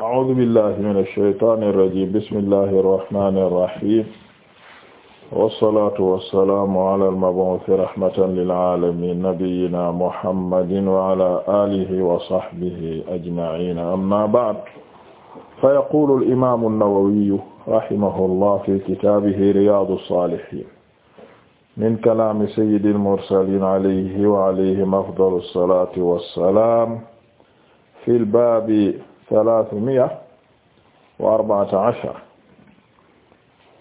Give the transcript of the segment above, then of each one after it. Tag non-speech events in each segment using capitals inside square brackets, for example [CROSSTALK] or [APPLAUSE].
أعوذ بالله من الشيطان الرجيم بسم الله الرحمن الرحيم والصلاة والسلام على المبعوث رحمة للعالمين نبينا محمد وعلى آله وصحبه أجمعين أما بعد فيقول الإمام النووي رحمه الله في كتابه رياض الصالحين من كلام سيد المرسلين عليه وعليهم أفضل الصلاة والسلام في الباب salaasumiya wa arbaata ashar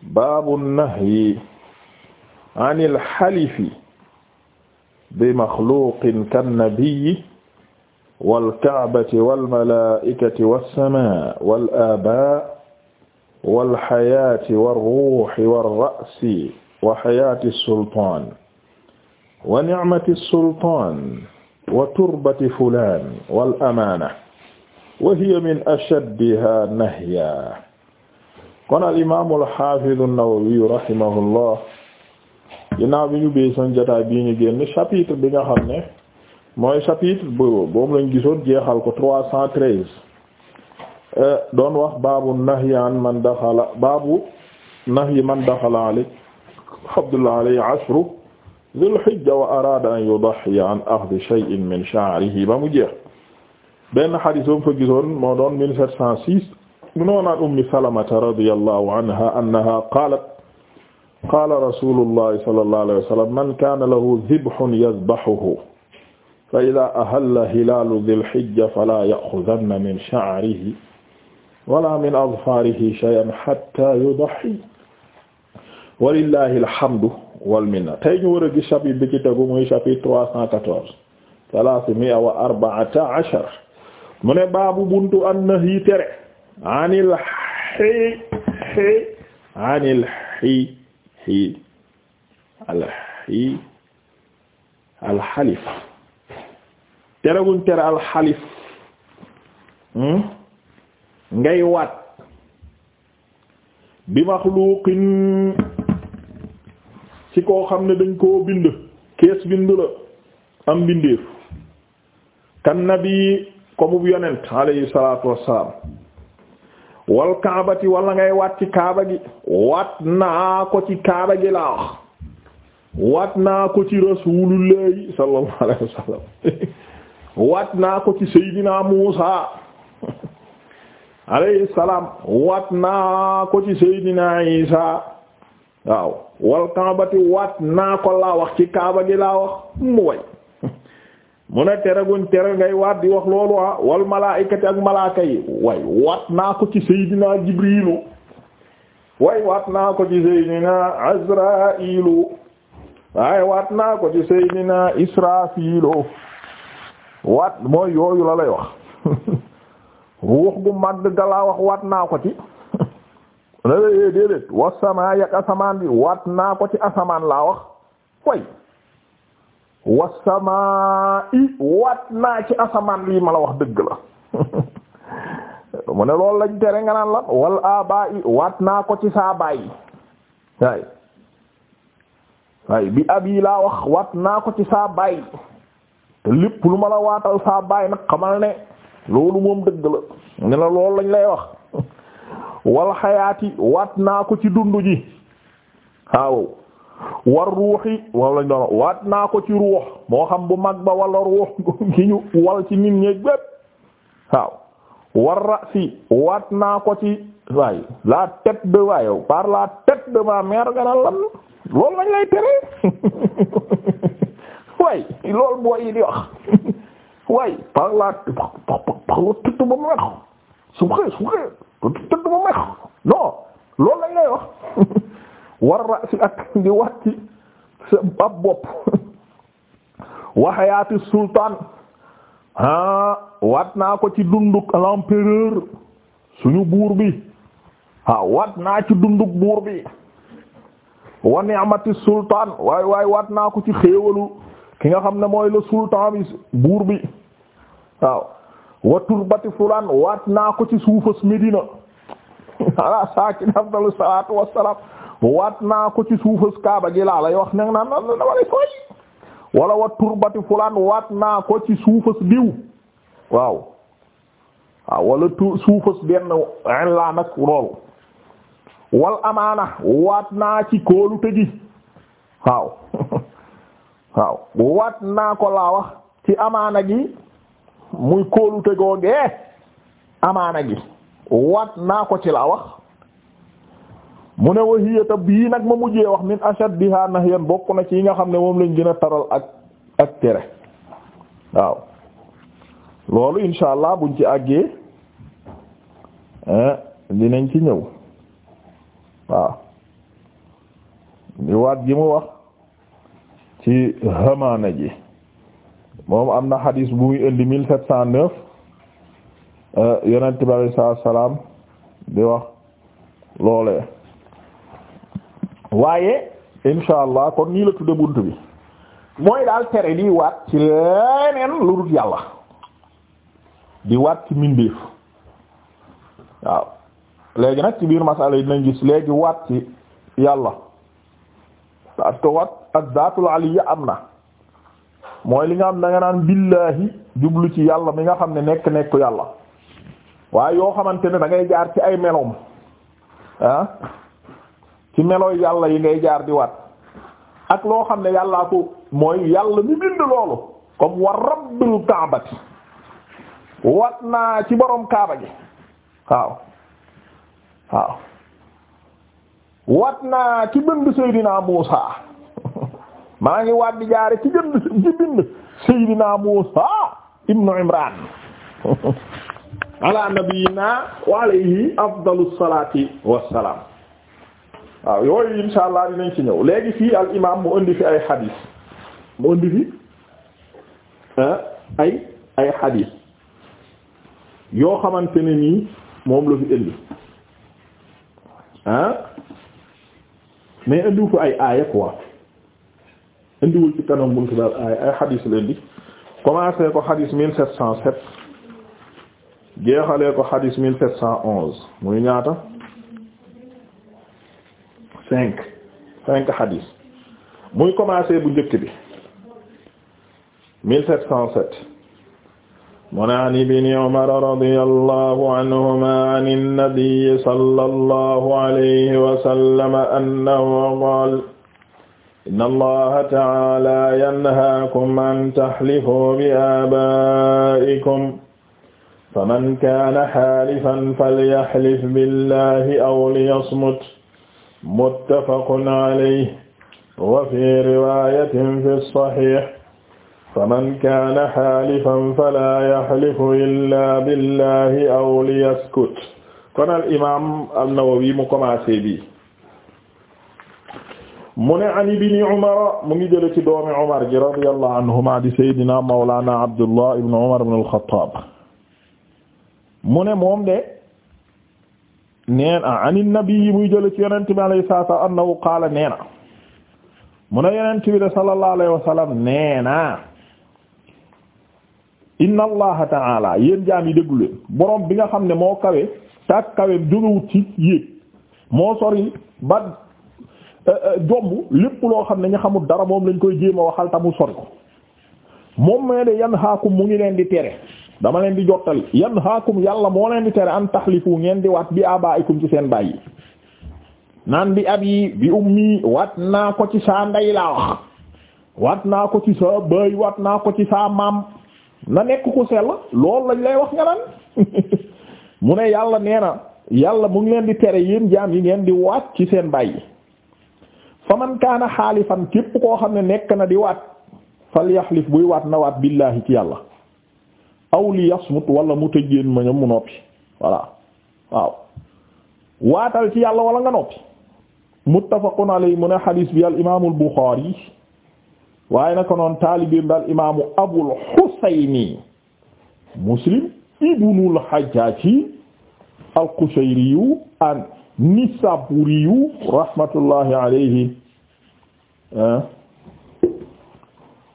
baabu nahyi anil xalifi bi maxluuqin kannabiyyi wal ka'bati wal malaa'ikati wassamaa wal aabaa wal xayaati war ruuxi war ra'si wa xayaati sultaan wa ni'mati sultaan wa turbati fulaan wal amaana wa hiya min ashaddiha nahya kon al imaam al haafiz an-Nawawi rahimahullah ginnaaw bi ñu béy son jotaay bii ñu génn chapitre bi nga xam ne mooy chapitre bu boobu lañ gisoon jeexal ko trois cent treize eh, doon wax baabu nahyi an man daxala baabu nahyi man daxala alay Abdullah alay ashru dhul hijja wa araada an yudahhiya an akhdhi shay'in min sha'rihi ba mu jeex benn xadis ba mu fa gisoon moo doon 1706 mu noonaat ummi salamata radiyallahu anha annaha qaalat qaala rasulullahi sallallahu alayhi wa sallam man kaana lahu dibhun yadbahuhu fa idaa ahalla hilaalu dil hijja falaa ya'xuzanna min sha'rihi wala min azfaarihi shay'an hattaa yudahhi walillahi alhamdu wal minna tey ñu war a gis chapitre bi ci tegu muy chapitre 314 thalaathamia wa arbaata ashar mu ne baabu buntu annahi tere anil xii xii anil xii xii al xii alxalif tere guñ tere alxalif hmm? ngay waat bi maxluuqin ci koo xam ne dañ koo bind kees bind la am bindeef kan nabi comme bu yonent alayhi salaatu wassalaam wal kaabati ngay waat ci kaaba gi waat naa ko ci kaaba gi laa wax waat naa ko ci rasuulullahi sallallahu alayhi wasallam waat naa ko ci seydina muusa alayhi salaam waat naa ko ci seydina isa waaw wal kaabati naa ko laa wax ci kaaba gi laa wax mu way mu ne tere guñ tere ngay waat di wax loolu ah wal malaayikati ak malaaka yi way waat naa ko ci seydinaa jibriilu way waat naa ko ci seydinaa azrailu waaye waat naa ko ci seydinaa mooy yooyu la lay wax [LAUGHS] ruux gu mag galaa wax waat naa ko ci [LAUGHS] la yee déedéet was samaa asamaan waat naa ko ci asamaan laa wax way wasamaa'i waat naa ci asamaan lii ma la wax dëgg la [LAUGHS] mu ne lool lañ tere nga la wal abaa'i waat naa ko ci saa bàyyi waay waay bi yi laa wax waat naa ko ci saa bàyyi te lépp lu ma la waatal saa bàyyi ne loolu moom dëgg la ne la loolu lañ lay wax [LAUGHS] wal xayaati waat naa ko ci dund ji waaw war ruuxi wala lañ waat naa ko ci ruux moo xam bu mag ba wala ruux [LAUGHS] gi ñu wal ci nit ñeeg bépp waaw war rasi waat naa ko ci waaye la tête de waaye par la tête de ma mère nga lan loolu lay tere [LAUGHS] way loolu boo yi way [LAUGHS] par la par le ba mu wex su xëy su ba mu wex non loolu lay wax war rasi ak [LAUGHS] di wax ci sa ab bopp [LAUGHS] waxayaati sultaan ah waat naa ko ci dunduk l'empereur suñu buur bi ah wat naa ci dunduk buur bi wa ni'mati sultaan waay waay waat naa ko ci xéewalu ki nga xam ne mooy le sultan bi buur bi waaw wa turbati fulaan waat naa ko ci suufas Medina [LAUGHS] ala sakin afdalu salaatu wassalaam waat naa ko ci suufas kaaba gi laa lay wax ne naan na wala sooy wala wa turbati fulaan waat naa ko ci suufas diw waaw waaw tu suufas benn laa nag loolu wal amaana waat naa ci kóolu tëgi waaw [LAUGHS] waaw waat naa ko laa wax ci amaana gi muy kóolu tëgoogee amaana gi waat naa ko ci laa wax mu ne wa hiya tab yii nag ma mujjee wax min na nahyan bokk na ci yi nga xam ne moom lañ gën a taral ak ak tere waaw loolu insha buñ ci àggee dinañ ci ñëw waaw di waat gi mu wax ci hamaana ji moom am na xadiis bu muy indi mille sept cent neuf euh, yonent bi alayhi salaam di wax loolee waaye insha allah kon nii la tudde bunt bi mooy daal tere di waat ci leneen lu dul yàlla di waat ci mindeef waaw léegi nag ci biir masala yi dinañ gis léegi waat ci yàlla parce que waat ak zaatul aliya am na mooy li nga am da naan billaahi jublu ci yàlla mi nga xam ne nekk nekk yàlla waaye yoo xamante ne dangay ngay ci ay meloom ah ci melooy yàlla yi ngay jaar di waat ak loo xam ne yàllaa ko mooy yàlla mi bind loolu comme wa rabbil kaabati wat naa ci borom kaaba gi waaw wat naa ci bind Seydina Muusa [LAUGHS] maa ngi waat di jaare ci bind ci bind Seydina Muusa ibnu Imraan [LAUGHS] ala nabiyina wa alayhi afdalu salaati wassalaam waaw yooyu insha allah dinañ ci ñëw léegi fii al imaam mu indi fi ay xadiis mo indi fi ay ay xadiis yoo xamante ne nii moom la fi indi ah mais indiwu fi ay aaya quoi indiwul ci kanam buntu daal aaya ay xadiis la indi commencé ko xadiis mille sept cent sept jeexalee ko xadiis mille sept cent onze muy ñaata cinq cinq hadis muy commencé bu njëkk bi mille sept cent sept mu ne an ibni umar radiyallahu anhuma an an-nabi sallallahu alayhi wa sallam annahu qaala inna allaha ta'ala yanhaakum an tahlifu bi abaa'ikum faman kaana haalifan falyahlif billahi aw liyasmut muttafaqun alayhi wa fi riwayatin fi as-sahih faman kaana xaalifan falaa yaxlifu illaa billahi aw liyaskut kon al imaam an-Nawawi mu commencé bi mu ne an ibni Umar mu ngi jële ci doomi Umar ji radiyallahu anhuma di sayyidina mawlaana Abdullah ibn Umar ibn al-Khattab mu ne moom de neen an nabi muy jële ci yonent saa alayhi salaatu annahu qaala neena mu ne yonent bi de sallallahu alayhi wa sallam neena inna allaha taala yéen jaam yi déglu leen borom bi nga xam ne moo kawe tak kawe jógewut ci yéeg moo sori ba euh, euh, jomb lépp loo xam ne ñu xamul dara moom lañ koy jéem a waxal ta mu sori ko moom mee de yanhaakum mu ngi leen di tere dama leen di jottali yanhaakum yàlla moo leen di tere an taxlifu ngeen di waat bi abaa'ikum ci seen baay naan bi ab yi bi ummi waat naa ko ci saa ndey laa wax waat naa ko ci saa baay waat naa ko ci saa maam na nekk ku sell lool lañ lay wax nga naan [LAUGHS] mu ne yàlla nee yàlla mu ngi leen di tere yéen jaam yi ngeen di waat ci seen baay yi faman kaana xaalifan képp koo xam ne nekk na di waat fal yaxlif buy waat na waat billaahi ci yàlla aw li yasmut wala mu tëj génn ma ñam mu noppi voilà waaw waatal ci yàlla wala nga noppi muttafaqun alayhi mu ne xadiis bi al imaamu al Buxaari waaye naka noonu taalibiin bi al imaamu Abul Xusayni Muslim ibnul Hajjaaji al Qushayriyu an Nisaburiyu rahmatullahi alayhi eh?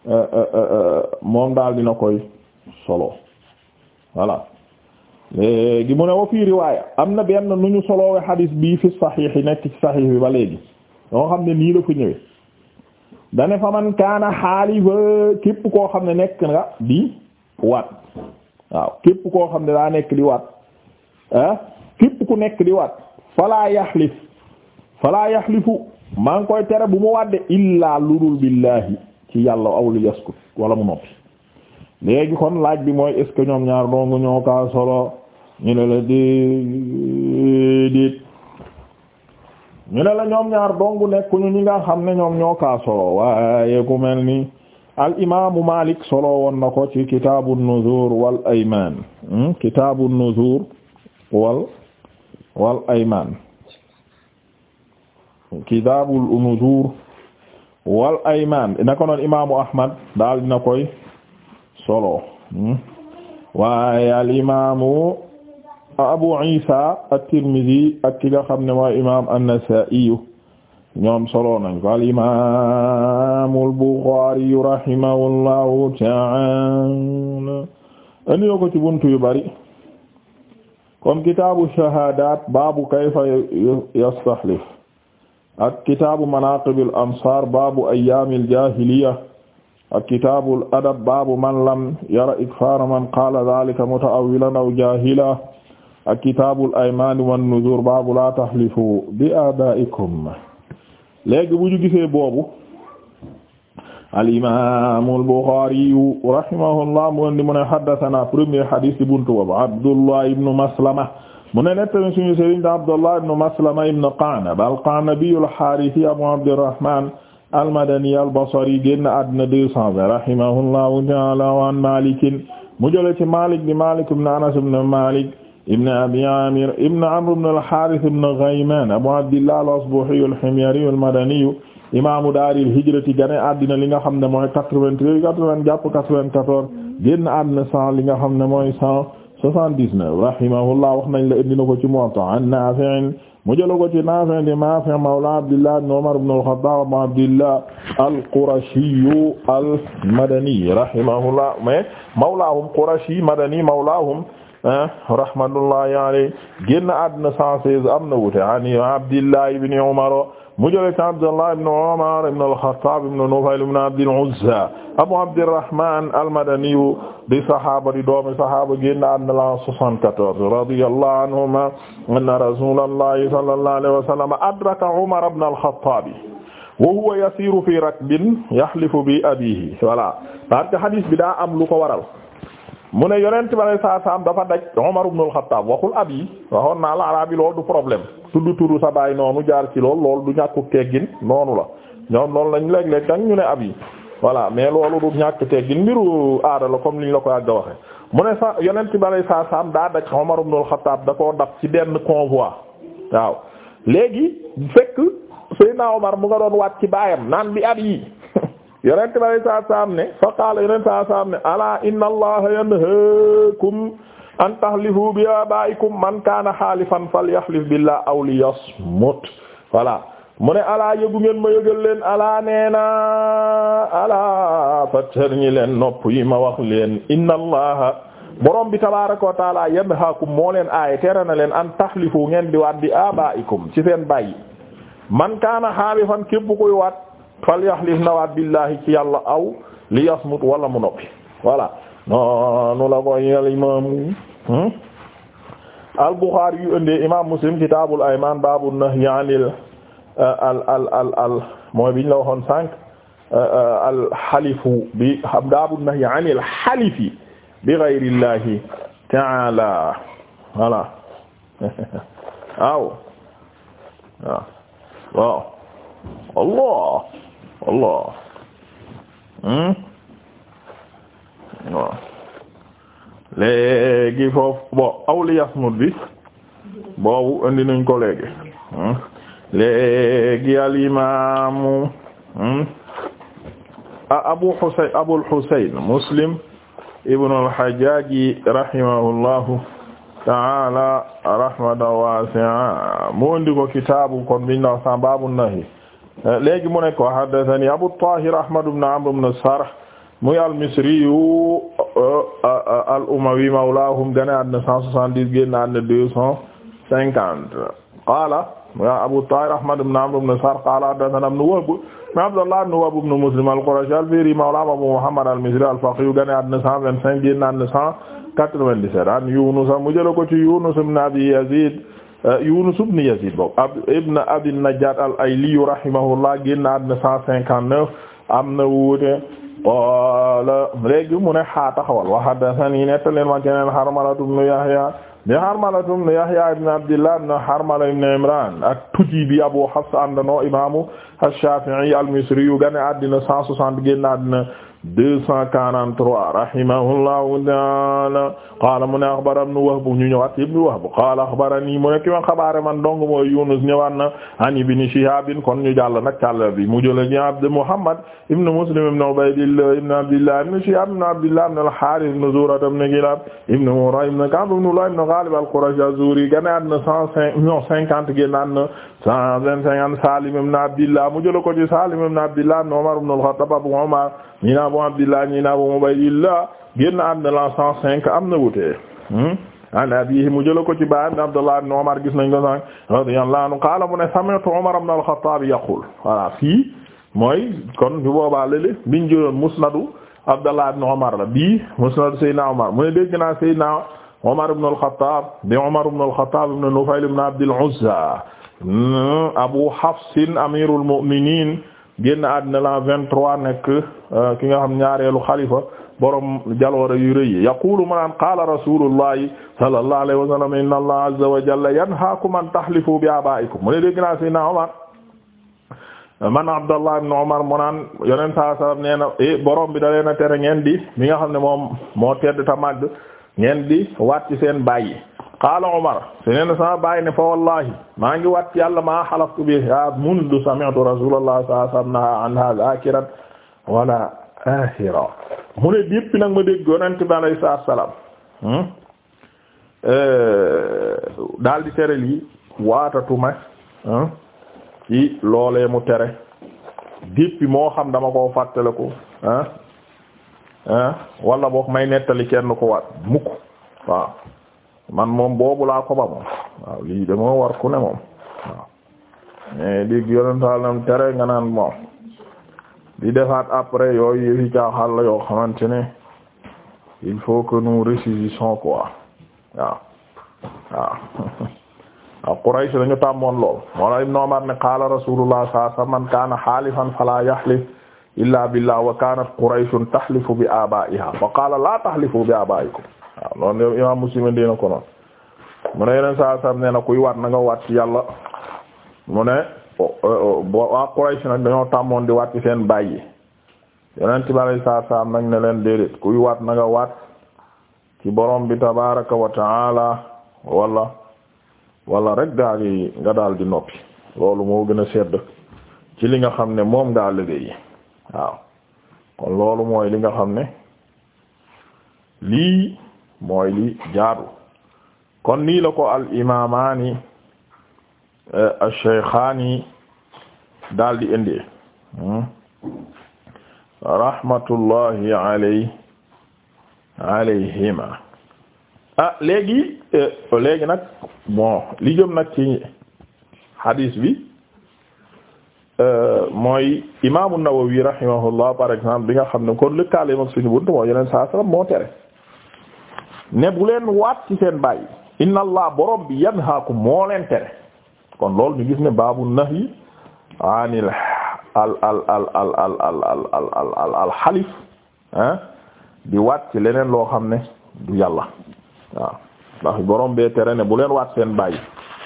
Eh, eh, moom daal dina koy solo voilà léegi mu ne wa fii riwaaya am na benn nu ñu soloowe xadis bii fi saxiix yi nekk ci saxiix bi ba léegi yoo xam ne nii la fa ñëwee dane fa man kaana xaalifa képp koo xam ne nekk nga di waat waaw képp koo xam ne daa nekk di waat ah képp ku nekk di waat falaa yaxlif falaa yaxlifu maa ngi koy tere bu mu wadde illaa ludul billahi ci yàlla aw li yaskut wala mu noppi léegi kon laaj bi mooy est ce que ñoom ñaar dong ñoo kaa solo ñu ne la déedéet ñu ne la ñoom ñaar dong nekkuñu ñi nga xam ne ñoom ñoo kaa solo waaye ku mel ni al imaamu Malik solo woon na ko ci kitaabu nuzur wal ayman hmm? kitaabu nuzur wal wal ayman kitaabu nuzur wal ayman na ko noon imaamu Ahmad daal dina koy. solo hmm? waaye al imaamu Abu Isa at-Tirmidhi ak ki nga xam ne mooy imaam an-Nasa'i ñoom solo nañ ko al imaamu al-Bukhari rahimahullahu ta'ala andi ko ci buntu yu bari comme kitaabu shahaadaat baabu kayfa yastahlif ak kitaabu manaaqibil ansaar baabu ayyaamil jaahiliya ak kitaabul adab baabu man lam yara ikfaara man qaala daalika muta'awwilan aw jaahila ak kitaabul aymaan wan nuzuur baabu laa tahlifu bi aabaa'ikum léegi bu ñu gisee boobu al imaamul Buxaari rahimahullah mu ne mu ne haddasanaa premier hadis di buntu boobu Abdullah ibn Maslama mu ne nettali suñu sëriñ Abdullah ibn Maslama ibn Qa'nab al-Qa'nabi al-Haarisi Abu Abdirrahmaan almadani albasari génn àddina deux cent vingt rahimahullahu ta'ala wa an malikin mu jële ci malik bi malik ibn anas ibn malik ibn abi amir ibn amr ibn al-harith ibn ghayman abu abdillah al-asbahi al-himyari al-madani imaamu daaril hijrati gane àddina li nga xam ne mooy quatre-vingt-treize quatre-vingt jàpp quatre-vingt-quatorze génn àddina cent li nga xam ne mooy cent soixante-dix-neuf rahimahullah wax nañ la indi na ko ci Muwatta an Naafi' mu jëla ko ci Naafi' di Naafi' mawla Abdillah ibn Umar ibn al-Khattab Abu Abdillah al-Qurashi al Qurashi Madani mawlaahum rahmatullahi alayhi génn àdduna 116 am na wuute ani Abdillah ibn Umar mu jëlee ci Abdullah ibn Umar ibn al-Khattab ibn Nufayl ibn Abd al-Uzza Abu Abdirrahman al-Madani di saxaaba di doomi saxaaba génn àddina la 74 radiyallahu anhuma anna rasulallahi sallallahu alayhi wa sallam adraka Umar ibn al-Khattab wa huwa yasiru fi rakbin yahlifu bi abihi voilà parce que hadith bi daa am lu ko waral mu ne yonent bi alay saa saam dafa daj Umar ibn al-Khattab waxul ab yi waxoon naa la araab yi loolu du problème tudd turu sa baay noonu jaar ci lool loolu du ñàkku teggin noonu la ñoom loolu lañ léeg-léeg dang ñu ne ab yi voilà mais loolu du ñàkk teggin mbiru aada la comme li ñu la ko yàgg a waxe mu ne sa yonent bi alay saa saam daa daj Umar ibn al-Khattab da koo dab ci benn convoi waaw léegi fekk Seydina Umar mu nga doon waat ci baayam naan bi ab yonent bi alayhi salaatu salaam ne fa qaala yonent salaatu salaam ne alaa inna allaha yanhaakum an tahlifu bi abaa'ikum man kaana haalifan falyahlif billah aw liyasmut voilà mu ne alaa yëgu ngeen ma yëgal leen alaa neena alaa fatarñi leen nopp yi ma wax leen inna allaha borom bi tabaaraka wa taala yanhaakum moo leen aaye tere na leen an tahlifu ngeen di waat bi abaa'ikum ci seen bàyyi man kaana haalifan képp koy waat falyaxlif nawaat billahi ci yàlla aw li yasmut wala mu noppi voilà noonu la koy al imaamu hmm? al Buxaari yu indi imaam Muslim kitaabul aymaan baabu nahyi anil uh, al al al al mooy biñ la waxoon sànq uh, uh, al xalifu bi baabu nahyi anil xalifi bi gayrillahi taala voilà [LAUGHS] waaw waaw. allah allah hmm? waaw foofu bon awli yasmut bi boobu indi nañ ko léegi hmm? léegi al hmm? abu husayn muslim ibnu al hajjaaji rahimahullahu taala rahmatan waasi'a mu indi ko kitaabu kon biñ la wax baabu nahi léegi mu ne ko haddathani Abu Tahir Ahmad ibn Amr ibn Sarh muy al-Misri euh, euh, al-Umawi mawlahum gane àddina 170 génn àddina 250 qaala Abu Tahir Ahmad ibn Amr ibn Sarh qaala haddathana ibn Wahb ma Abdullah ibn Wahb ibn Muslim al-Qurashi al-Fihri mawla Abu Muhammad al-Misri al-Faqih gane àddina 125 génn àddina 197 an Yunus mu jël ko Yunus ibn Abi Yazid Euh, Yunus ibn Yazid boobu ab ibn Abi Najjad al-Ayli rahimahullah génn àddina cent cinquante neuf am na wuute qaala léegi mu ne xaa taxawal wa haddathanii nettali ma keneen Harmala ibn Yahya bi Harmala ibn Yahya ibn Abdillah ibn Harmala ibn Imran at-Tujibi Abu Hafs àndandoo imaamu ash-Shafi'i al-Misri yu gane àddina cent soixante génn àddina 243 rahimahullahu taala qaala mu ne axbara ibnu Wahb ñu ñëwaat ibnu Wahb qaala axbarani mu ne ki ma xabaare man dong mooy Yunus ñëwaat na an ibni Shihab kon ñu jàll nag càll bi mu jële ji Abd Muhammad ibnu Muslim ibnu Ubaydillah ibnu Abdillah ibnu Shihab ibnu Abdillah ibnu al-Harith ibnu Zur'a ibnu Kilab ibnu Murra ibnu Ka'b ibnu Lu'ay ibnu Ghalib al-Qurashi az-Zuhri na 105 non 50 gànnaat na 125 an ibnu Abdillah mu jële ko ci abu abdillah ñi na abu ubaydillah génn am na la cent cinq am na hmm? an abiihi mu jëla ko ci baayam ne abdullah ibn umar gis nañ ko sànq radiyallahu anhu qaala mu ne sami'tu umar ibn al-khattab yaqul voilà fii mooy kon bu boobaa lële biñ jëloon musnadu abdullah ibn umar la bii musnadu sayyidina umar mu ne dégg naa sayyidina umar al-khattab bi al-khattab ibn nufayl al-uzza abu hafs amirul mu'minin génn àddina la 23 nekk euh, ki nga xam ñaareelu xalifa borom jaloore yu rëy yi yaqulu mu naan qaala rasulullahi sallallahu alayhi wa sallam inna allaha azza wa jalla yanhaakum an tahlifu bi abaa'ikum mu ne dégg naa na Umar man Abdallah ibn Umar mu naan yoneen saa sallam nee na eh, bi da leen ngeen di mi nga xam ne moom moo tedd ta màgg ngeen di waat ci seen baay yi qaala Umar si nee sama bàyyi ne fa wallahi maa ngi waat yàlla maa xalaftu biha mundu sami'tu rasulullah sallallahu alayhi wasallam naha anha zakiran wala mu ne yépp nag ma dégg yonent bi alayhi salaam hmm? eh, daal di tere lii waatatuma hmm? ci loolee mu tere déppi moo xam dama ko fàttaliku ah ah wala may nettali kenn ko waat mukk waaw man moom boobu laa ko ba moom lii de moo war ku ne moom waaw mais dig tere nga naan moom di defaat après yooyu yëfi caaxal la yoo xamante ne il faut que nous réussissions quoi waaw waaw [LAUGHS] waaw Quraysh dañu tàmmoon lool moo la Ibn ne qaala Rasulullah sallallahu man kaana xaalifan fala yahlif illa billah wa kaanat Qurayshun tahlifu bi abaa'iha fa qaala la tahlifu bi abaa'ikum waaw noonu imaam Muslim indi na ko noonu mu ne yeneen saa saa nee na kuy waat na waat ci yàlla mu ne waa Quraysh nag dañoo tàmmoon di waat ci seen baay yi yeneen tibaray saa saa nag ne leen déedéet kuy waat na nga waat ci borom bi tabaaraka wa ta'ala wala wala rek daal di nga daal di noppi loolu moo gën a sedd ci li nga xam ne moom ngaa liggéey waaw kon loolu mooy li nga xam ne lii. mooy li jaadu kon nii la ko al imamaani eh, ash-shaykhaani daal di indi hmm? rahmatullahi alay alayhima ah léegi eh, léegi nag bon li jëm nag ci hadis bi eh, mooy imaamu Nawawi rahimahullah par exemple bi nga xam ne kon lëkkaale mag suñu buntu moo yeneen saa sallam moo tere ne bu leen waat ci seen bàyyi inna allah borom bi yanhaakum moo leen tere kon loolu ñu gis ne baabu nahyi anil al al al al al al al al xalif ah di waat ci leneen loo xam ne du yàlla waaw ndax borom bee tere ne bu leen waat seen bàyyi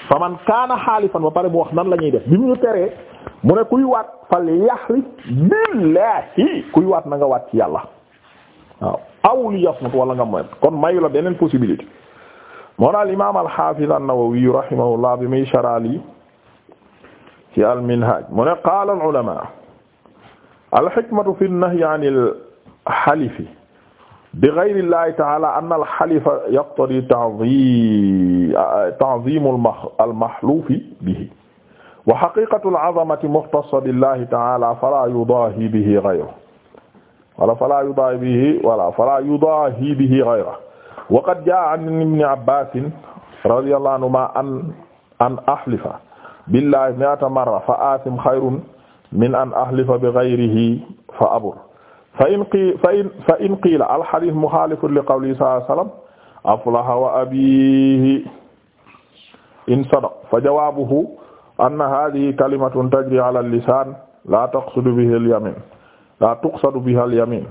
fa man kaana xaalifan ba pare mu wax nan la ñuy def bi mu ñu teree mu ne kuy waat fal yaxlif billahi kuy waat na nga waat ci yàlla waaw aw li yasmut wala nga moy kon mayu la beneen possibilité moo daal imaam al-Hafiz an-Nawawi rahimahullah bi muy sharali ci al-Minhaj mu ne qaala al-ulama al-hikmatu fi an-nahyi an al-halifi bi ghayri llahi ta'ala anna al-halifa yaqtadi ta'zim al-mahlufi bihi wa haqiqatu al-'azamati mukhtassa billahi ta'ala fala yudahi bihi ghayruhu wala fala yudahi bihi wala fala yudahi bihi ghayra wa qad jaa an ibn abbas radiyallahu anhuma an an ahlifa billahi mi'ata marra fa asim khayrun min an ahlifa bi ghayrihi fa abur fa in qi fa in fa in qiila al hadith muxaalifun li qawli sallallahu alayhi wa sallam aflaha wa abiihi in sadaq fa jawaabuhu anna haadihi kalimatun tajri ala lisaan laa taqsudu bihi al yamin la tuqsadu biha al-yamin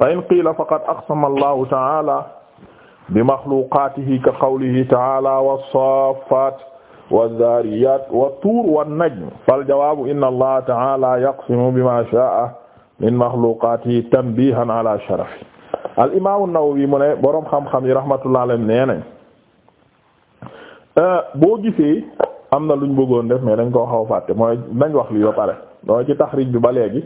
fa in qila faqad aqsama allahu bi maxluqaatihi ka qawlihi taala was-saaffaat waz-zaariyaat wat-tuur wan-najm fal-jawaabu inna allaha taala yaqsimu bima shaa'a min maxluqaatihi tanbiihan ala al-imaamu an-Nawawi mu ne boroom xam-xam yi rahmatullah alayhi nee nañ euh, boo am na luñ bëggoon def mais dañ koo xaw fàtte mooy nañ wax lii ba pare doo ci taxriij bi ba léegi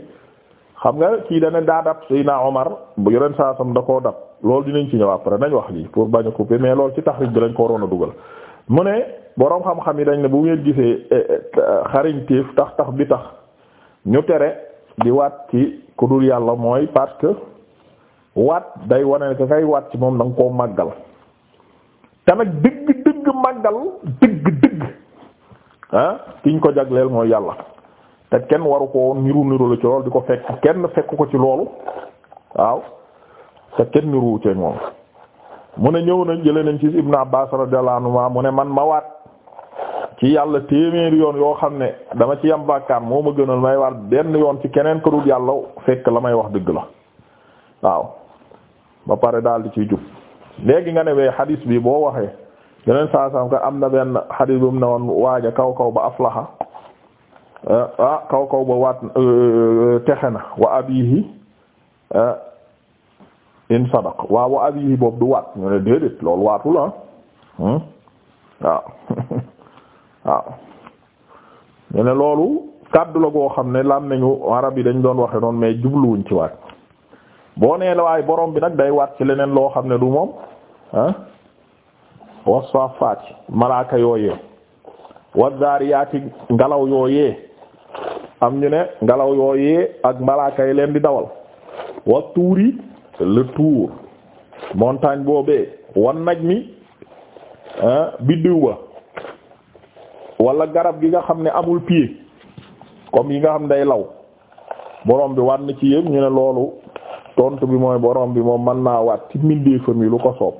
xam nga kii dana daa dab Seydina Omar bu yoreen saa sam da koo dab loolu dinañ ci ñëw après nañ wax lii pour bañ a couper mais loolu ci taxrij bi lañ ko waroon a dugal mu ne boroom xam-xam yi dañ ne bu ngeen gisee eh, eh, eh, xariñ téef tax tax bi tax ñu tere di waat ci ku dul yàlla mooy parce que waat day wane ne ka kay waat ci moom da koo màggal te dëgg dëgg màggal dëgg dëgg ah kiñ ko jagleel mooy yàlla te kenn waru ko niru niru la ci loolu di ko fekk kenn fekk ko ci loolu waaw te kenn niru ci moom mu ne ñëw nañ jële nañ ci Ibn Abbas radiyallahu anhuma mu ne man ma waat ci yàlla téeméeri yoon yoo xam ne dama ci yam bàkkaar moo ma gënoon may waat benn yoon ci keneen ko yàlla fekk la may wax dëgg la waaw ba pare daal di ciy jub léegi nga ne wee xadiis bi boo waxee yeneen saa saam ka am na benn xadiis bu mu ne woon waaja kaw kaw ba laxa Ah, ah kaw kaw ba waat euh, euh, texe na wa abihi ah, in sadaq waaw wa abihi boobu du waat ñu ne déedéet loolu waatul ah hmm? waaw [LAUGHS] waaw ñu ne loolu kàddu la goo xam ne laam nañu arab yi dañ doon waxe noonu mais jubluwuñ ci waat boo nee la waaye borom bi nag day waat ci leneen loo xam ne du moom ah wasfafaati malaaka yooyee wa zaariyaati ngelaw yooyee am ñu ne ngelaw yooyee ak malaaka leen di dawal wa tuuri le tour montagne boobee wan naj mi ah, biddiw ba wala garab gi nga xam ne amul pied kom yi nga xam day law borom bi waat na ci yëpp ñu ne loolu tontu bi mooy borom bi moom man naa waat ci mbindeefam yi lu ko soob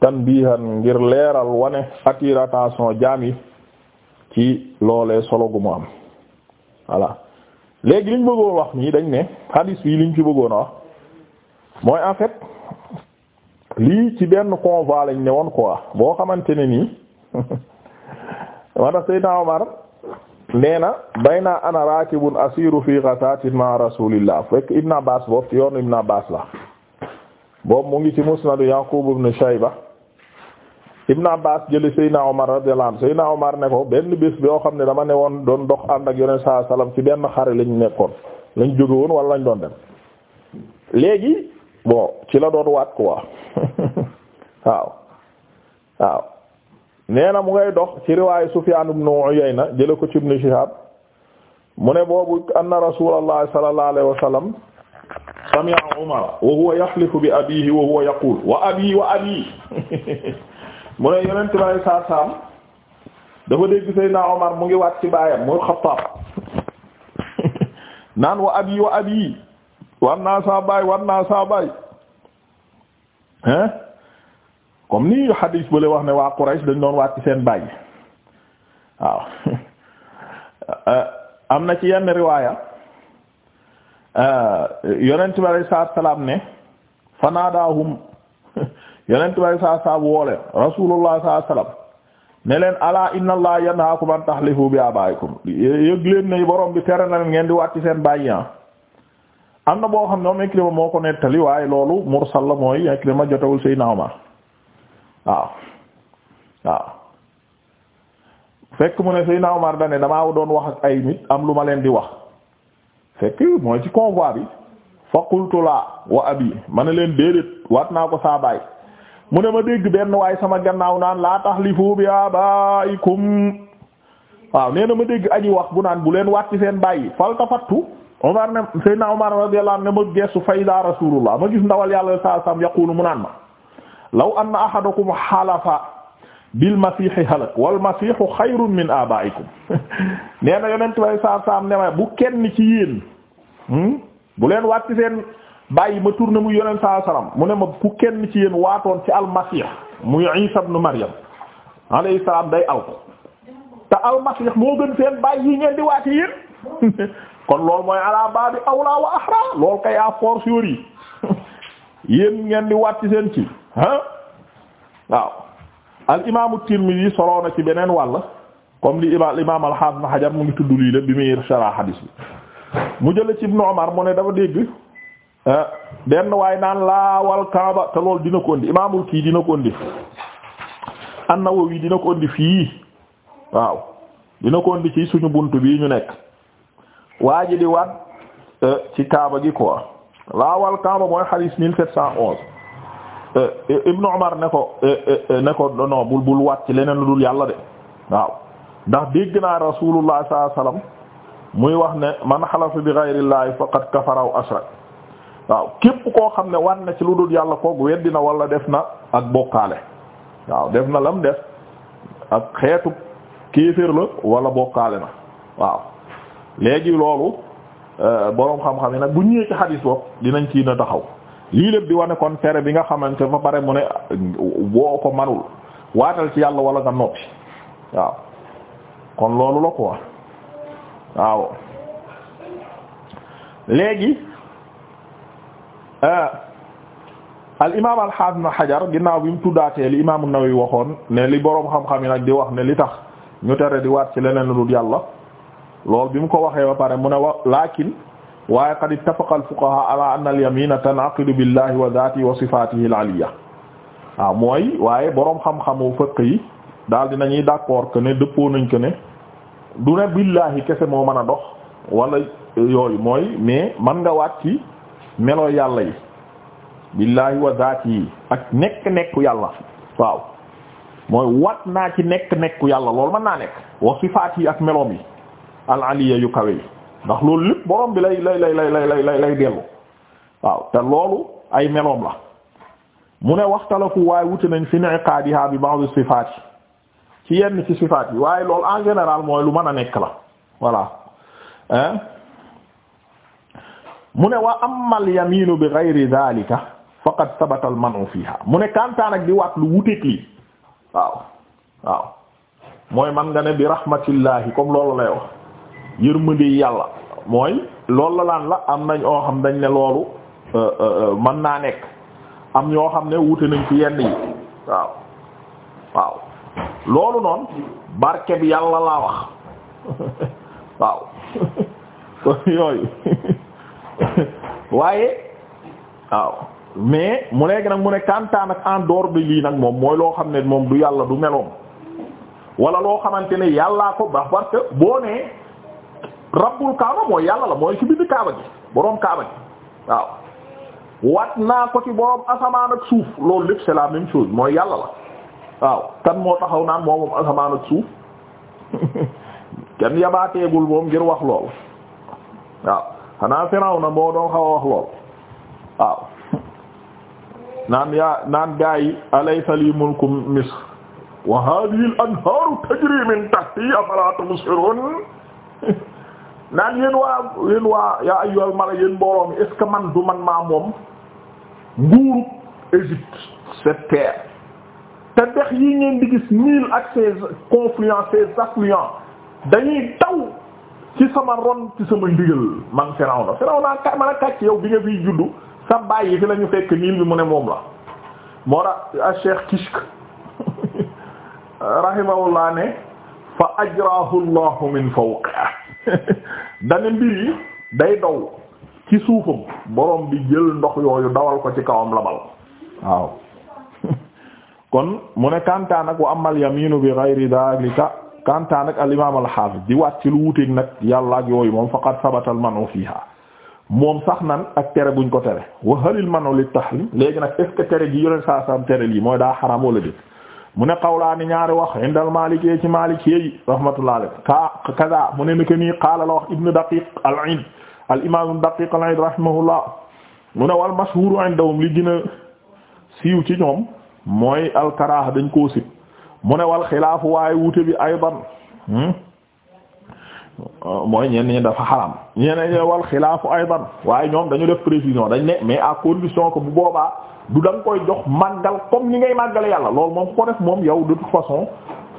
tanbihan ngir leeral wane attirer attention jaam yi ci loolee solo gu mu am voilà léegi liñ bëggoon wax nii dañ ne hadis bi liñ ci bëggoon a wax mooy en fait lii ci benn convoi lañ ne woon quoi boo xamante ne nii wala [LAUGHS] Seydina Omar nee na bayna ana raakibun asiru fi ghatatin ma rasulillah fekk Ibn Abbas boobu ci yoonu Ibn Abbas la boobu mu ngi ci musnadu Yaqub ibn Shayba Ibn Abbas jële Seydina Omar radiyallahu anhu Seydina Omar ne ko benn bés yoo xam ne dama ne woon doon dox ànd ak yoneen saa salaam ci benn xare lañ nekkoon lañ jóge woon wala lañ doon dem léegi bon ci la doon waat quoi [LAUGHS] waaw waaw nee na mu ngay dox ci riwaayu Sufyaan ibn Uyayna jële ko ci Ibn Shihab mu ne boobu anna Rasulullah sallallahu alayhi wa sallam sami'a wa huwa bi abiihi wa huwa wa abii wa abii [LAUGHS] mu ne yonent bi alei saatu salaam dafa dégg Seydina Omar mu ngi waat ci baayam muy Xattaab [LAUGHS] naan wa abi wa abi war naa saa baay war naa saa baay hein comme nii xadiis ba wax ne waa Quraysh dañ doon waat ci seen baay waaw [LAUGHS] euh, am na ci yenn riwaaya euh, yonent bi alei salaam ne fanaadaahum yeneen tubaab saa saab woole rasulullah saa salaam ne leen ala inna allah yanhaakum an tahlifu bi abaa'ikum yëg leen ne borom bi tere na leen ngeen di wàcc seen bàyyi ah. am na boo xam ne moom moo ko nettali waaye loolu mursal la mooy Ikrima jotewul Seydina Umar waaw waaw fekk mu ne Seydina Umar damaa doon wax ak ay nit am lu ma leen di wax fekk mooy ci convoi bi fa qultu la wa ma ne leen déedéet waat naa ko saa baay mu ne ma dégg benn waaye sama gannaaw naan laa taxlifu bi abaikum waaw nee na ma dégg aji wax bu naan bu leen waat ci seen bàyyi faltafattu Umar ne Seydina Umar radiyallahu anhu ne ma geesu fayda rasulullah ma gis ndawal yàlla saa sam yaqulu mu naan ma law anna ahadakum halafa bil masihi halak wal masihu xayrun min abaikum [LAUGHS] nee na yonent bay saa ne ma bu kenn ci yéen hmm, bu leen waat seen bàyyi ma tourné mu yonent saa salaam mu ne ma ku kenn ci yéen waatoon ci almasih muy Isa ibn Maryam alayhi salaam day aw ko te almasih moo gën seen bàyyi ngeen di waat yéen [LAUGHS] kon loolu mooy ala awla wa ahra lool kay à force yori [LAUGHS] yéen ngeen di waat ci seen ci ah waaw al imaamu Tirmidhi soloo na ci beneen wàll comme li imaam imaam al-Hafiz mu ngi tudd lii la bi muy sharh hadis bi mu jële ci Ibn Umar mu ne dafa dégg. Eh, benn waay naan laawal kaaba te loolu dina ko indi imaamul kii dina ko indi an-Nawawi dina ko indi fii waaw dina ko indi ci suñu bunt bii ñu nekk waa ji di waat eh, ci kaaba gi quoi laawal kaaba mooy xadiis mille sept cent onze eh, Ibnu Umar ne ko ne ko non bul bul waat ci leneen lu dul yàlla de waaw ndax dégg naa Rasulullah sallallahu alayhi muy wax ne man xalafa bi ghayrillahi faqad kafara ashrak waaw képp koo xam ne war na ci lu dul yàlla kooku weddi na wala def na ak bokkaale waaw def na lam def ak xeetu kéeféer la wala bokkaale na waaw léegi loolu euh, boroom xam-xam yi nag bu ñëwee ci xadis bopp dinañ ci na taxaw lii lépp di wane kon tere bi nga xamante ba pare mu ne boo ko manul waatal ci yàlla walla nga noppi waaw kon loolu la quoi waaw léegi Eh, al imaam al haafiz ibn Hajar ginnaaw bi mu tuddaatee li imaam an-Nawawi waxoon ne li boroom xam-xam yi nag di wax ne li tax ñu tere di waat ci leneen lu yàlla loolu bi mu ko waxee ba pare mu ne wa laakin waaye qad ittafaqa al-fuqahaa ala anna al-yamiina tan'aqidu billahi wa zaatihi wa sifaatihi al-'aliyya waaw ah, mooy waaye boroom xam-xamu fiqh yi daal di nañuy d'accord que ne dëppoo nañ ko ne du ne billahi kese moo mën a dox wala yooyu mooy mais man nga waat ci meloo yàlla yi billaahi wa zaati yi ak nekk nekku yàlla waaw mooy wat naa ci nekk nekku yàlla loolu mën naa nekk wa sifaat yi ak meloom yi al aliya yu kawe yi ndax loolu lépp borom bi lay lay lay lay lay dellu waaw te loolu ay meloom la mu ne waxtalafu waaye wute nañ fi niqaadiha bi ba'd sifaat yi ci yenn ci sifaat yi waaye loolu en général mooy lu mën a nekk la voilà hein mu ne wa amal yaminu bi ghayri dhalika faqad sabata al manu fiha mu ne kantaan ak di waat lu wuteeg lii waaw waaw mooy man nga ne bi rahmatillahi comme loolu lay wax yërmande yàlla mooy loolu la laan la am nañ oo xam dañ ne loolu euh, euh, euh, mën naa nekk am ñoo xam ne wute nañ fi yenn yi waaw waaw loolu noonu barke yàlla laa wax [LAUGHS] waaw [LAUGHS] yooyu [LAUGHS] [LAUGHS] waaye waaw mais mu léegi nag mu ne kantaan ak en dehors lii nag moom mooy loo xam ne moom du yàlla du meloom wala loo xamante ne yàllaa ko ba parce boo nee rabbul kaaba mooy yàlla la mooy ci bind kaaba gi boroom kaaba gi waaw wat naa ko ci boroom asamaan ak suuf loolu lépp c'est la chose mooy yàlla la waaw kan moo taxaw naan moom moom asamaan ak suuf [LAUGHS] kenn yabaateegul moom ngir wax loolu waaw xanaa Firawna moo doon xaw a wax lool waaw naan yaa naan gaa yi alaysa li wa hadhihi al-anharu tajri min tahti afala tubsirun naan yéen waa yéen waa yaa ayyuhal mala yéen mbooloo est-ce que man du man maa moom nguuru Égypte cette terre te dex yi ngeen di gis Nil ak ses confluents ses dañuy taw ci sama ron ci sama ndigal man Firawna Firawna ka man a kàcc yow bi nga fiy juddu sa bàyyi fi la ñu fekk niil bi mu ne moom la moo tax a Cheikh Kishk [LAUGHS] rahimahullah ne fa ajrahu Allahu min fawq [LAUGHS] dane mbir yi day daw ci suufam borom bi jël ndox yooyu dawal ko ci kawam labal waaw [LAUGHS] kon mu ne kantaan ak wa amal yaminu bi ghayri dhalika kantaa nag al imaam al xaafis di waat ci lu wuteeg nag yàlla ak yooyu moom faqad sabatal manu fiha moom sax nan ak tere buñ ko tere wa halil manu li tahrim léegi nag est tere gi yoneen saa sam tere lii mooy daa xaram wala déet mu ne qawlaani ñaari wax indal maalikee ci maalikee yi rahmatullah alayh ka kaza mu ne ni que nii qaala la wax ibnu daqiq al iid al imaam daqiq al iid rahimahullah mu ne wal mashhuur indahum li gën a siiw ci ñoom mooy al karaaha dañ mu ne wal xilaafu waaye wute bi aydan hmm? mooy ñenn ñi dafa xaram ñeneen ñi wal xilaafu aydan waaye ñoom dañu def précision dañ ne mais à condition que bu boobaa du da nga koy jox màggal comme ni ngay màggale yàlla loolu moom ko def moom yow de toute façon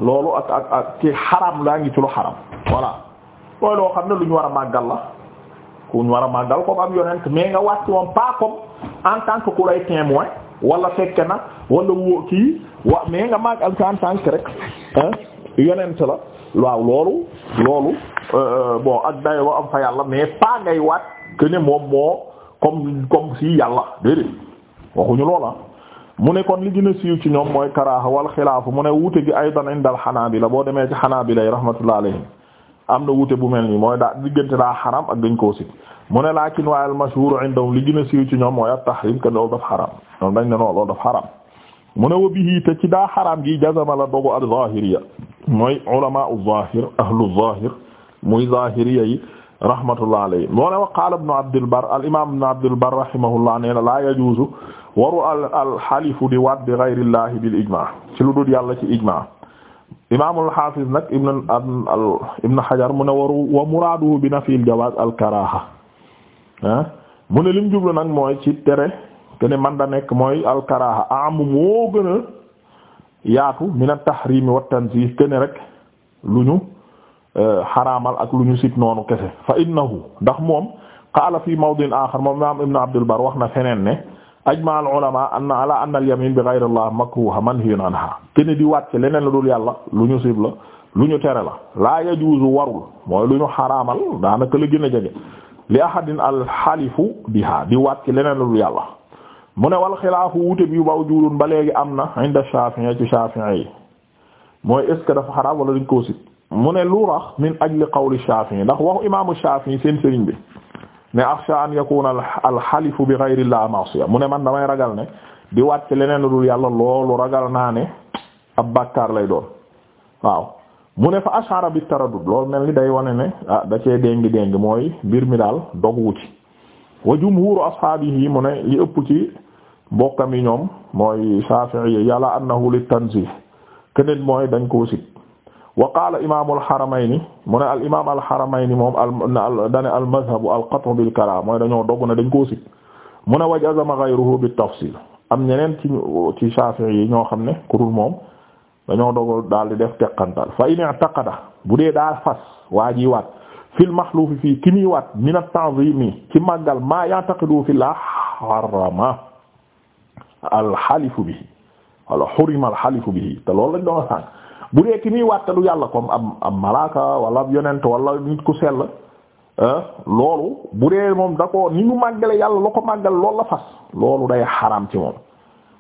loolu ak ak ak ci xaram laa ngi ci lu xaram voilà mooy loo xam ne lu ñu war a màggal la ku war a màggal comme am yonent mais nga wàcc moom pas comme en tant ku lay témoin wala fekke na wala wa mais nga maag alxuraan sànk rek yonent la waaw loolu loolu euh, bon ak day wa am fa yàlla mais pas ngay waat que ne moom moo comme comme si yàlla déedéet waxuñu loola mu ne kon li gën a siiw ci ñoom mooy karaaha wal xilaafu mu ne wuute gi aydan indal xanaabila boo demee ci xanaabila yi rahmatullah alayhim am na wute bu mel nii mooy da diggante daa xaram ak dañ koo si mu ne laakin waaye al mashhur indahum li gën a siiw ci ñoom mooy at tahrim que loolu daf xaram ñoom dañ ne noonu loolu daf xaram mu ne wa bihi te ci daa xaraam gi jazama la dogu al-zahiriya mooy ulama az-zahir ahlu az-zahir muy zahiriya yi rahmatullah alayhi moo ne wa qaala ibnu Abdil Barr al-imaam ibnu Abdil Barr rahimahullah nee na laa yajuuzu waru al alxalifu di waat bi ghayrillahi bil ijmaa ci lu dul yàlla ci ijmaa imaamul xaafiz nag ibnu ibnu Hajar mu ne waru wa muraaduhu bi nafyil jawaaz al karaaha ah mu ne lim jublu nag mooy ci tere. kene man da nekk mooy alkaraha am moo gën yaatu min at-tahrim wa at-tanzih rek lu ñu euh, xaraamal ak lu ñu sit noonu kese fa innahu ndax moom qaala fi mawdin axar moom imam ibn abdul wax na feneen ne ajma al ulama an ala anna al yamin bi ghayri allah makruha anha kene di wàcc leneen la dul yàlla lu ñu sib la lu ñu tere la la yajuzu warul mooy lu ñu xaraamal daanaka la gën a jege li ahadin al biha di wàcc leneen la dul yàlla mu ne wal xilaafu wuute bi mawjuudun ba léegi am na inda Shaafi'i ci Shaafi'i yi mooy est ce que dafa xaraam wala dañ koo sit mu ne lu rax min ajli qawli Shaafi'i ndax waxu imaamu Shaafi'i seen sëriñ bi ne axsha an yakuna alxalifu bi ghayri llahi ma'siya mu ne man damay ragal ne di wàcc leneen lu dul yàlla loolu ragal naa ne ab bàkkaar lay doon waaw mu ne fa ashara bi taraddud loolu mel ni day wane ne ah da cee mooy mbir mi daal dog wuti wa jumhuru ashaabihi mu ne li ëpp mbokkam yi ñoom mooy Shafi'i yàlla annahu li tanzih keneen mooy dañ koo sit wa qaala imaamul xaramayni mu ne al imaam al moom al dane al mazhabu al bil kara mooy dañoo dogg ne dañ koo sit mu ne waj azama ghayruhu bit am ñeneen ci ci Shafi'i yi ñoo xam ne kurul moom dañoo dogal daal di def teqantal fa in i'taqada bu dee daa fas waa ji waat fil maxluufi fii ki muy waat min at-ta'zimi ci màggal maa ya'taqidu fi la harama alxalifu bihi wala xurima alxalifu bihi te loolu lañ doon a sànq bu dee ki muy yàlla comme am am malaaka wala ab yonent wala nit ku sell ah, loolu bu dee moom da ko ni mu màggale yàlla la ko màggal loolu la fas loolu day xaram ci moom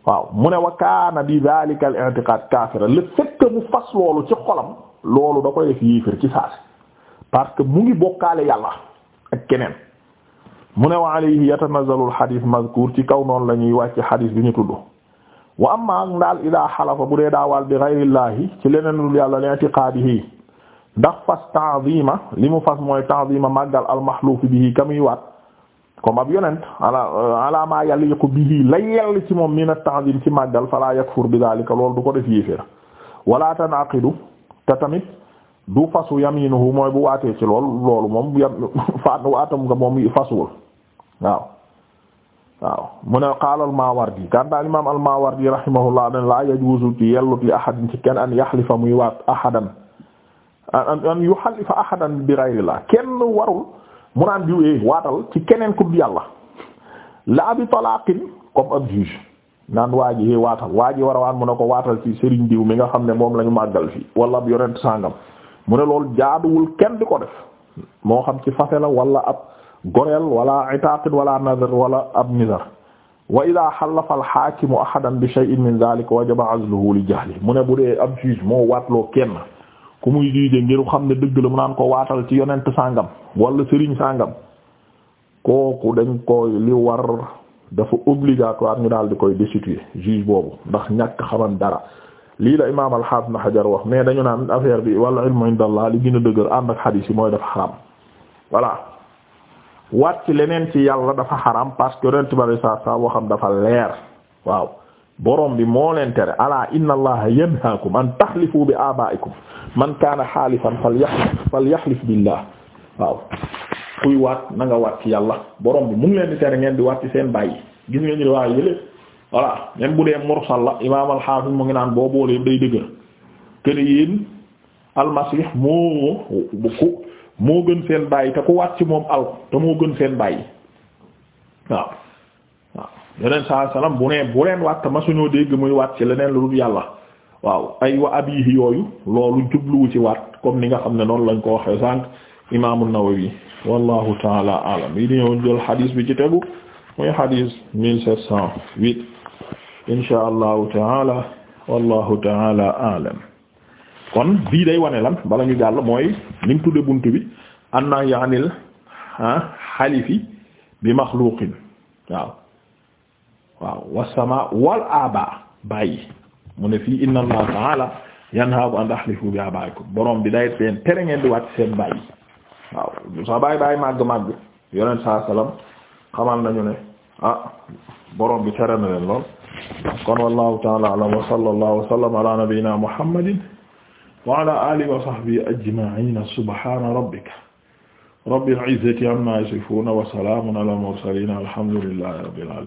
waaw mu ne wa kaana bi dhalika al i'tiqad kaafira le fait mu fas loolu ci xolam loolu da koy def yéefir parce que mu ngi bokkaale yàlla ak keneen mu ne wa alayhi yatanazalu alxadis mazkur ci kaw noonu la ñuy wàcc xadis bi ñu tudd wa amma ak ndaal ida xalafa bu dee daawal bi gayrillahi ci leneen lu yàlla li i'tiqaadihi ndax fas ta'zima li mu fas mooy ta'zima màggal almaxluuf bihi kamuy waat comme ab yonent ala ala ma yaliqu bihi la yell ci moom min at-ta'zim ci màggal fala yakfur bi daalika loolu du ko def yéeféer wala tanaqidu te tamit du fasu yaminuhu mooy bu waatee ci lool loolu moom yam [LAUGHS] faat waatam waaw waaw mu ne qaala al-Maawardi kanta al-imaam al-Maawardi rahimahullah dan laa yajuuzu ci yellut li ahadin ci kenn an yaxlifa muy waat ahadan an an yuxallifa bi ghayrillah kenn warul mu naan diwee eh, waatal ci keneen ku dul yàlla la bi talaaqin comme ab juge naan waa ji eh, waatal waa ji war a waan mu ko waatal ci sëriñ diw mi nga xam ne moom lañu ñu màggal fii wala ab yonent sàngam mu ne loolu jaaduwul kenn di ko def moo xam ci fase la ab goreel wala itaqid wala nazar wala ab nizar wa ida xalafa alxaakimu ahadan bi shay'in min zalik wajaba azluhu li jahli mu ne bu dee ab juge moo wat waatloo kenn ku muy juge ngir xam ne dëgg la mu naan ko waatal ci yonent sàngam wala sëriñ sàngam kooku dañ koy li war dafa obligatoire ñu daal di koy destituer juge boobu ndax ñàkk xaman dara lii la imaam alxaafis na xajar wax mais dañu naan affaire bi wala ilmu indallah li gën a dëgër ànd ak xadiis mooy dafa xaram voilà waat ci leneen ci yàlla dafa xaram parce que yonent bi saa saa boo dafa leer waaw borom bi moo leen tere ala inna allaha yanhaakum an tahlifu bi abaa'ikum man kaana xaalifan falyahlif falyahlif billah waaw kuy waat na nga waat ci yàlla borom bi mu ngi leen di tere ngeen di waat ci seen bàyyi gis nga ñu waa yële voilà même bu dee mursal la imaam al mu ngi naan boo boolee day dëgër kër yéen al moo bu ku moo gën seen bàyyi te ku waat ci moom al te moo gën seen bàyyi waaw waaw yeneen saa salaam bu nee bu leen waat te ma suñoo dégg muy waat ci leneen lu dul yàlla waaw ay wa abihi yooyu loolu jubluwu ci waat comme ni nga xam ne noonu lañ ko waxee sànq imaamu Nawawi wallahu taala alam yi di ñëw jël xadiis bi ci tegu muy xadiis mille sept cent huit insha allahu taala wallahu taala alam kon bii day wane lan bala ñu jàll mooy li mu tudde bunt bi an na yaanil xalifi bi maxluqin waaw waaw wasama wal aba bàyyi mu ne fii inna allah taala yanhaabu an tahlifu bi abaa'ikum borom bi day tere ngeen di wàcc seen bàyyi waaw sa bàyyi bàyyi màgg-màgg yonent saa salaam xamal nañu ne ah borom bi tere na leen lool kon wallahu taala alam wa sallallahu wa sallam ala nabiyyina muhammadin wa ala alihi wa sahbihi ajma'in subhana rabbika rabbil izzati amma yasifun wa salamun ala mursalin alhamdulillahi rabbil alamin